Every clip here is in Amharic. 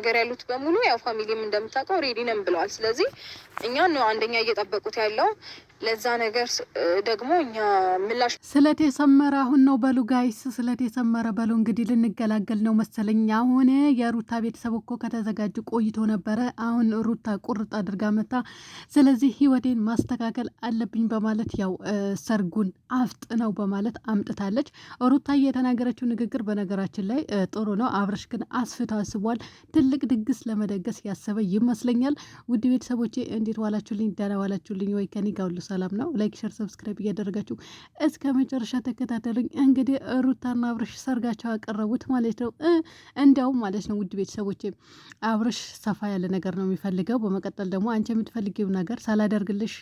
ነገር ያሉት በሙሉ ያው ፋሚሊም እንደምታውቀው ሬዲ ነን ብለዋል። ስለዚህ እኛ ነው አንደኛ እየጠበቁት ያለው ለዛ ነገር ደግሞ እኛ ምላሽ ስለት የሰመረ አሁን ነው በሉ ጋይስ፣ ስለት የሰመረ በሉ እንግዲህ ልንገላገል ነው መሰለኝ። አሁን የሩታ ቤተሰብ እኮ ከተዘጋጀ ቆይቶ ነበረ። አሁን ሩታ ቁርጥ አድርጋ መታ። ስለዚህ ህይወቴን ማስተካከል አለብኝ በማለት ያው ሰርጉን አፍጥነው በማለት አምጥታለች። ሩታ የተናገረችው ንግግር በነገራችን ላይ ጥሩ ነው። አብረሽ ግን አስፍቶ አስቧል። ትልቅ ድግስ ለመደገስ ያሰበ ይመስለኛል። ውድ ቤተሰቦቼ እንዴት ዋላችሁልኝ? ደህና ዋላችሁልኝ ወይ? ከኔ ጋር ሁሉ ሰላም ነው። ላይክ፣ ሸር፣ ሰብስክራይብ እያደረጋችሁ እስከ መጨረሻ ተከታተሉኝ። እንግዲህ ሩታና አብርሽ ሰርጋቸው ያቀረቡት ማለት ነው። እንዲያውም ማለት ነው ውድ ቤተሰቦች አብርሽ ሰፋ ያለ ነገር ነው የሚፈልገው። በመቀጠል ደግሞ አንቺ የምትፈልጊው ነገር ሳላደርግልሽ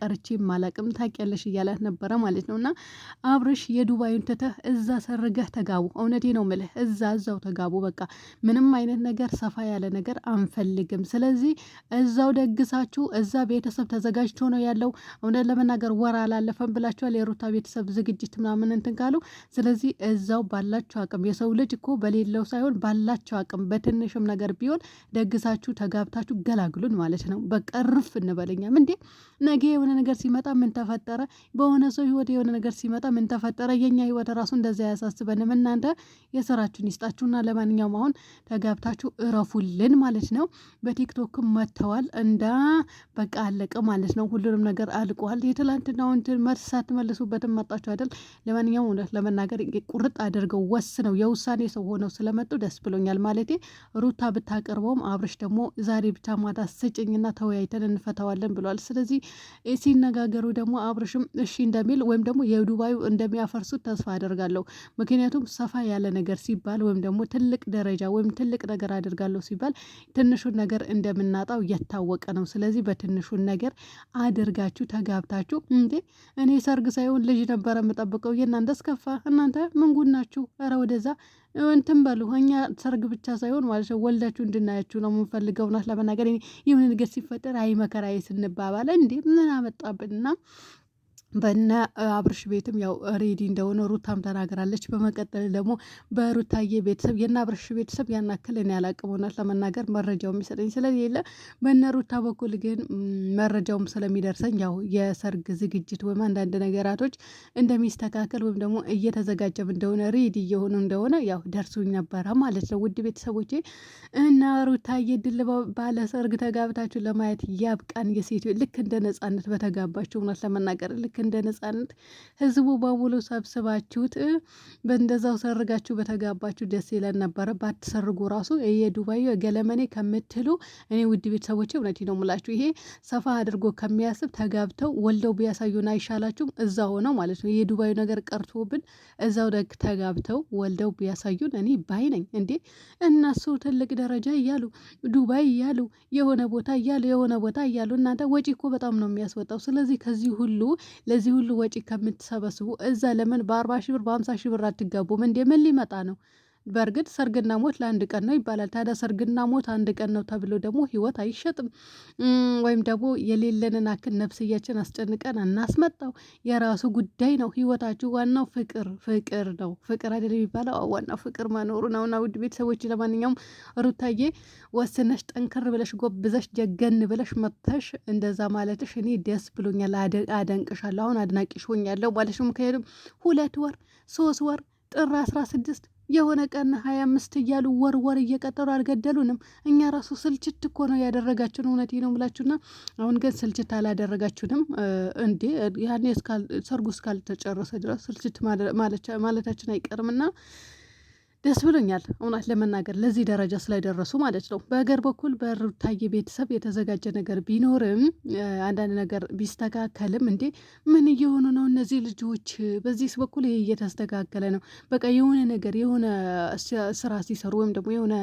ቀርቼ ማላቅም ታውቂያለሽ እያላት ነበረ ማለት ነው። እና አብርሽ የዱባዩን ትተህ እዛ ሰርገህ ተጋቡ። እውነቴ ነው ምልህ እዛ እዛው ተጋቡ። በቃ ምንም አይነት ነገር ሰፋ ያለ ነገር አንፈልግም። ስለዚህ እዛው ደግሳችሁ እዛ ቤተሰብ ተዘጋጅቶ ነው ያለው። እውነት ለመናገር ወር አላለፈም ብላችኋል። የሩታ ቤተሰብ ዝግጅት ምናምን እንትን ካሉ ስለዚህ እዛው ባላችሁ አቅም የሰው ልጅ እኮ በሌለው ሳይሆን ባላችሁ አቅም በትንሽም ነገር ቢሆን ደግሳችሁ ተጋብታችሁ ገላግሉን ማለት ነው። በቀርፍ እንበለኛም እንዴ ነገ የሆነ ነገር ሲመጣ ምን ተፈጠረ፣ በሆነ ሰው ህይወት የሆነ ነገር ሲመጣ ምን ተፈጠረ። የኛ ህይወት ራሱ እንደዚ አያሳስበንም። እናንተ የስራችሁን ይስጣችሁና ለማንኛውም አሁን ተጋብታችሁ እረፉልን ማለት ነው። በቲክቶክም መጥተዋል እንዳ በቃ አለቀ ማለት ነው። ሁሉንም ነገር አል ያልቀዋል። የትላንትናውን መርስ ሳትመልሱበትም መጣችሁ አይደል? ለማንኛውም እውነት ለመናገር ቁርጥ አድርገው ወስነው የውሳኔ ሰው ሆነው ስለመጡ ደስ ብሎኛል። ማለቴ ሩታ ብታቀርበውም አብርሽ ደግሞ ዛሬ ብቻ ማታ ስጭኝና ተወያይተን እንፈታዋለን ብሏል። ስለዚህ ሲነጋገሩ ደግሞ አብርሽም እሺ እንደሚል ወይም ደግሞ የዱባዩ እንደሚያፈርሱት ተስፋ አደርጋለሁ። ምክንያቱም ሰፋ ያለ ነገር ሲባል ወይም ደግሞ ትልቅ ደረጃ ወይም ትልቅ ነገር አድርጋለሁ ሲባል ትንሹን ነገር እንደምናጣው የታወቀ ነው። ስለዚህ በትንሹን ነገር አድርጋችሁ ተጋብታችሁ እንዴ? እኔ ሰርግ ሳይሆን ልጅ ነበረ የምጠብቀው። የእናንተስ ከፋ። እናንተ ምንጉድ ናችሁ? ኧረ ወደዛ እንትን በሉ። እኛ ሰርግ ብቻ ሳይሆን ማለት ነው ወልዳችሁ እንድናያችሁ ነው የምንፈልገው። ናት ለመናገር የሆነ ነገር ሲፈጠር አይ መከራዬ ስንባባል እንዴ ምን አመጣብንና በነ አብርሽ ቤትም ያው ሬዲ እንደሆነ ሩታም ተናግራለች። በመቀጠል ደግሞ በሩታዬ ቤተሰብ የነ አብርሽ ቤተሰብ ያናክል እኔ አላቅም ለመናገር መረጃው የሚሰጠኝ ስለሌለ፣ በነ ሩታ በኩል ግን መረጃውም ስለሚደርሰኝ ያው የሰርግ ዝግጅት ወይም አንዳንድ ነገራቶች እንደሚስተካከል ወይም ደግሞ እየተዘጋጀም እንደሆነ ሬዲ እየሆኑ እንደሆነ ያው ደርሶኝ ነበረ ማለት ነው። ውድ ቤተሰቦቼ እና ሩታዬ ድል ባለ ሰርግ ተጋብታችሁ ለማየት ያብቃን። የሴት ልክ እንደ ነጻነት በተጋባችሁ እውነት ለመናገር ልክ እንደ ነጻነት ህዝቡ በሙሉ ሰብስባችሁት በእንደዛው ሰርጋችሁ በተጋባችሁ ደስ ይለን ነበረ። ባትሰርጉ ራሱ የዱባዩ ገለመኔ ከምትሉ እኔ ውድ ቤተሰቦች እውነት ነው ሙላችሁ ይሄ ሰፋ አድርጎ ከሚያስብ ተጋብተው ወልደው ቢያሳዩን አይሻላችሁም? እዛ ሆነው ማለት ነው። የዱባዩ ነገር ቀርቶብን እዛው ደግ ተጋብተው ወልደው ቢያሳዩን እኔ ባይ ነኝ እንዴ። እነሱ ትልቅ ደረጃ እያሉ ዱባይ እያሉ የሆነ ቦታ እያሉ የሆነ ቦታ እያሉ እናንተ ወጪ እኮ በጣም ነው የሚያስወጣው። ስለዚህ ከዚህ ሁሉ ለዚህ ሁሉ ወጪ ከምትሰበስቡ እዛ ለምን በአርባ ሺ ብር በአምሳ ሺ ብር አትጋቡም? እንዴ? ምን ሊመጣ ነው? በእርግጥ ሰርግና ሞት ለአንድ ቀን ነው ይባላል። ታዲያ ሰርግና ሞት አንድ ቀን ነው ተብሎ ደግሞ ህይወት አይሸጥም። ወይም ደግሞ የሌለንን አክል ነፍስያችን አስጨንቀን አናስመጣው። የራሱ ጉዳይ ነው ህይወታችሁ። ዋናው ፍቅር ፍቅር ነው። ፍቅር አይደለም የሚባለው ዋናው ፍቅር መኖሩ ነው። ውድ ቤተሰቦች ለማንኛውም ሩታዬ ወስነሽ ጠንከር ብለሽ ጎብዘሽ ጀገን ብለሽ መጥተሽ እንደዛ ማለትሽ እኔ ደስ ብሎኛል። አደንቅሻለሁ። አሁን አድናቂሽ ሆኛለሁ ማለት ነው። ምክንያቱም ሁለት ወር ሶስት ወር ጥር አስራ ስድስት የሆነ ቀን ሀያ አምስት እያሉ ወር ወር እየቀጠሩ አልገደሉንም። እኛ ራሱ ስልችት እኮ ነው ያደረጋችሁን። እውነቴ ነው ብላችሁና አሁን ግን ስልችት አላደረጋችሁንም እንዴ? ያኔ ሰርጉ እስካልተጨረሰ ድረስ ስልችት ማለታችን አይቀርምና ደስ ብሎኛል እውነት ለመናገር ለዚህ ደረጃ ስላይደረሱ ማለት ነው። በሀገር በኩል በሩታዬ ቤተሰብ የተዘጋጀ ነገር ቢኖርም አንዳንድ ነገር ቢስተካከልም፣ እንዴ ምን እየሆኑ ነው እነዚህ ልጆች? በዚህ በኩል ይሄ እየተስተካከለ ነው። በቃ የሆነ ነገር የሆነ ስራ ሲሰሩ ወይም ደግሞ የሆነ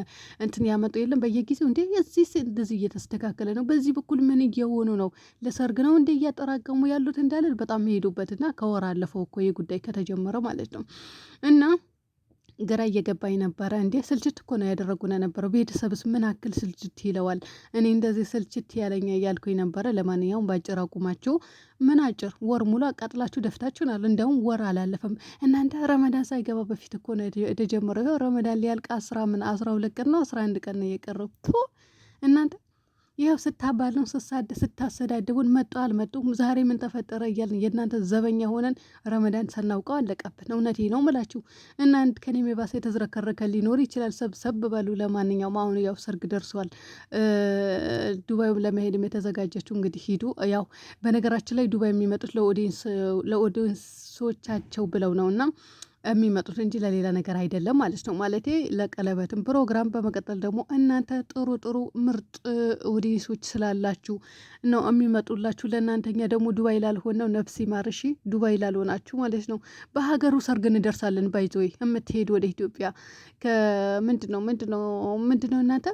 እንትን ያመጡ የለም በየጊዜው እንዴ፣ እዚህ እንደዚህ እየተስተካከለ ነው። በዚህ በኩል ምን እየሆኑ ነው? ለሰርግ ነው እንዴ እያጠራቀሙ ያሉት እንዳለን በጣም የሄዱበትና ከወር አለፈው እኮ ይህ ጉዳይ ከተጀመረ ማለት ነው እና ግራ እየገባኝ ነበረ። እንዴ ስልችት እኮ ነው ያደረጉን ነበረው። ቤተሰብስ ምን አክል ስልችት ይለዋል? እኔ እንደዚህ ስልችት ያለኛ እያልኩኝ ነበረ። ለማንኛውም ባጭር አቁማችሁ ምን አጭር ወር ሙሉ አቃጥላችሁ ደፍታችሁናል። እንዲያውም ወር አላለፈም እናንተ ረመዳን ሳይገባ በፊት እኮ ነው የተጀመረው። ረመዳን ሊያልቅ አስራ ምን አስራ ሁለት ቀን ነው አስራ አንድ ቀን ነው የቀረው እናንተ ይኸው ስታባልን ስታሰዳድቡን መጡ አልመጡ ዛሬ ምን ተፈጠረ እያልን የእናንተ ዘበኛ ሆነን ረመዳን ሳናውቀው አለቀብን። እውነቴ ነው ምላችሁ እና ከኔ የባሰ የተዝረከረከ ሊኖር ይችላል። ሰብሰብ በሉ። ለማንኛውም አሁኑ ያው ሰርግ ደርሷል። ዱባይም ለመሄድም የተዘጋጀችው እንግዲህ ሂዱ። ያው በነገራችን ላይ ዱባይ የሚመጡት ለኦዲንሶቻቸው ብለው ነው እና የሚመጡት እንጂ ለሌላ ነገር አይደለም ማለት ነው። ማለቴ ለቀለበትም ፕሮግራም፣ በመቀጠል ደግሞ እናንተ ጥሩ ጥሩ ምርጥ ኦዲየንሶች ስላላችሁ ነው የሚመጡላችሁ። ለእናንተኛ ደግሞ ዱባይ ላልሆነው ነፍሴ ማርሺ ዱባይ ላልሆናችሁ ማለት ነው። በሀገሩ ሰርግ እንደርሳለን። ባይዘወይ የምትሄድ ወደ ኢትዮጵያ ከምንድነው ምንድነው ምንድነው እናንተ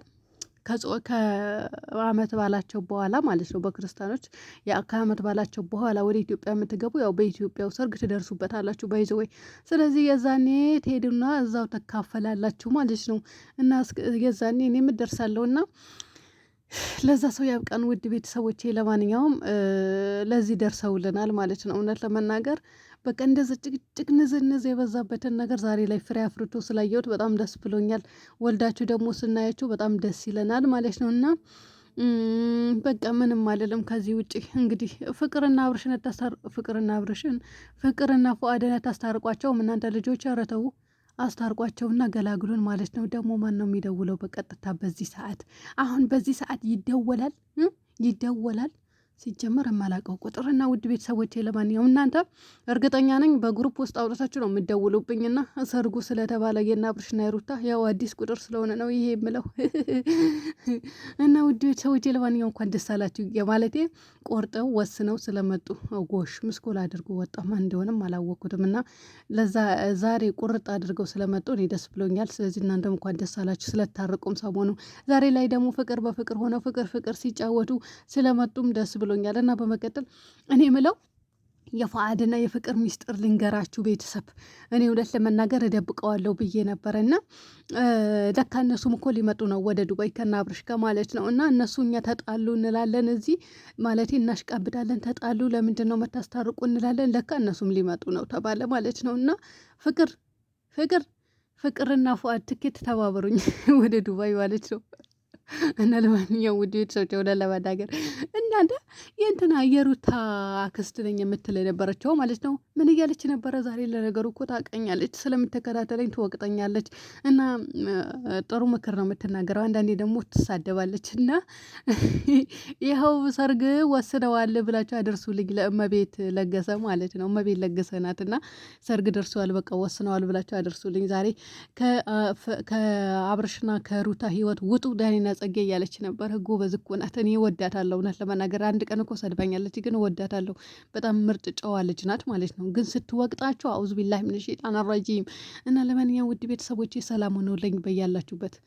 ከአመት ባላቸው በኋላ ማለት ነው። በክርስቲያኖች ከአመት ባላቸው በኋላ ወደ ኢትዮጵያ የምትገቡ ያው በኢትዮጵያው ሰርግ ትደርሱበታላችሁ ባይዘ ወይ። ስለዚህ የዛኔ ትሄዱና እዛው ተካፈላላችሁ ማለት ነው። እና የዛኔ እኔ እደርሳለሁ እና ለዛ ሰው ያብቃን። ውድ ቤተሰቦቼ፣ ለማንኛውም ለዚህ ደርሰውልናል ማለት ነው። እውነት ለመናገር በቃ እንደዚ ጭቅጭቅ ንዝንዝ የበዛበትን ነገር ዛሬ ላይ ፍሬ አፍርቶ ስላየሁት በጣም ደስ ብሎኛል። ወልዳችሁ ደግሞ ስናያችሁ በጣም ደስ ይለናል ማለት ነው እና በቃ ምንም አልልም ከዚህ ውጭ እንግዲህ ፍቅርና አብርሽን ፍቅርና አብርሽን ፍቅርና ፉአድን ታስታርቋቸውም እናንተ ልጆች ኧረ አስታርቋቸውና ገላግሉን ማለት ነው። ደግሞ ማን ነው የሚደውለው በቀጥታ በዚህ ሰዓት? አሁን በዚህ ሰዓት ይደወላል ይደወላል። ሲጀመር የማላውቀው ቁጥር እና ውድ ቤተሰቦቼ፣ ለማንኛውም እናንተ እርግጠኛ ነኝ በግሩፕ ውስጥ አውጥታችሁ ነው የምደውሉብኝና ሰርጉ ስለተባለ የና ብርሽና የሩታ ያው አዲስ ቁጥር ስለሆነ ነው ይሄ የምለው እና ውድ ቤተሰቦቼ፣ ለማንኛውም እንኳን ደስ አላችሁ የማለቴ ቆርጠው ወስነው ስለመጡ ጎሽ ምስኮል አድርጎ ወጣ ወጣማ እንደሆነም አላወቅኩትም እና ለዛ ዛሬ ቁርጥ አድርገው ስለመጡ እኔ ደስ ብሎኛል። ስለዚህ እናንተም እንኳን ደስ አላችሁ። ስለታረቁም ሰሞኑ ዛሬ ላይ ደግሞ ፍቅር በፍቅር ሆነው ፍቅር ፍቅር ሲጫወቱ ስለመጡም ደስ ብሎ ብሎኛል። እና በመቀጠል እኔ ምለው የፉአድና የፍቅር ሚስጥር ልንገራችሁ ቤተሰብ። እኔ እውነት ለመናገር እደብቀዋለሁ ብዬ ነበረ እና ለካ እነሱም እኮ ሊመጡ ነው ወደ ዱባይ ከና ጋር ማለት ነው። እና እነሱ እኛ ተጣሉ እንላለን እዚህ ማለት እናሽቃብዳለን። ተጣሉ ለምንድን ነው መታስታርቁ እንላለን። ለካ እነሱም ሊመጡ ነው ተባለ ማለት ነው። እና ፍቅር ፍቅር ፍቅርና ፉአድ ትኬት ተባበሩኝ ወደ ዱባይ ማለት ነው። እና ለማንኛውም ውድ ቤተሰቦች ወደ ለማናገር እናንተ የእንትና የሩታ አክስት ነኝ የምትል የነበረችው ማለት ነው። ምን እያለች ነበረ ዛሬ? ለነገሩ እኮ ታቀኛለች፣ ስለምትከታተለኝ ትወቅጠኛለች። እና ጥሩ ምክር ነው የምትናገረው። አንዳንዴ ደግሞ ትሳደባለች። እና ይኸው ሰርግ ወስነዋል ብላችሁ አደርሱልኝ ለእመቤት ለገሰ ማለት ነው። እመቤት ለገሰ ናት። እና ሰርግ ደርሰዋል፣ በቃ ወስነዋል ብላችሁ አደርሱልኝ። ዛሬ ከአብርሽና ከሩታ ህይወት ውጡ ዳኒና ጸጌ እያለች ነበር። ጎበዝ እኮ ናት። እኔ እወዳታለሁ። እውነት ለመናገር አንድ ቀን እኮ ሰድባኛለች፣ ግን እወዳታለሁ። በጣም ምርጥ ጨዋ ልጅ ናት ማለት ነው። ግን ስትወቅጣቸው አውዝ ቢላህ ምን ሸይጣን አራጂም እና ለማንኛውም ውድ ቤተሰቦቼ ሰላም ሆነውልኝ በያላችሁበት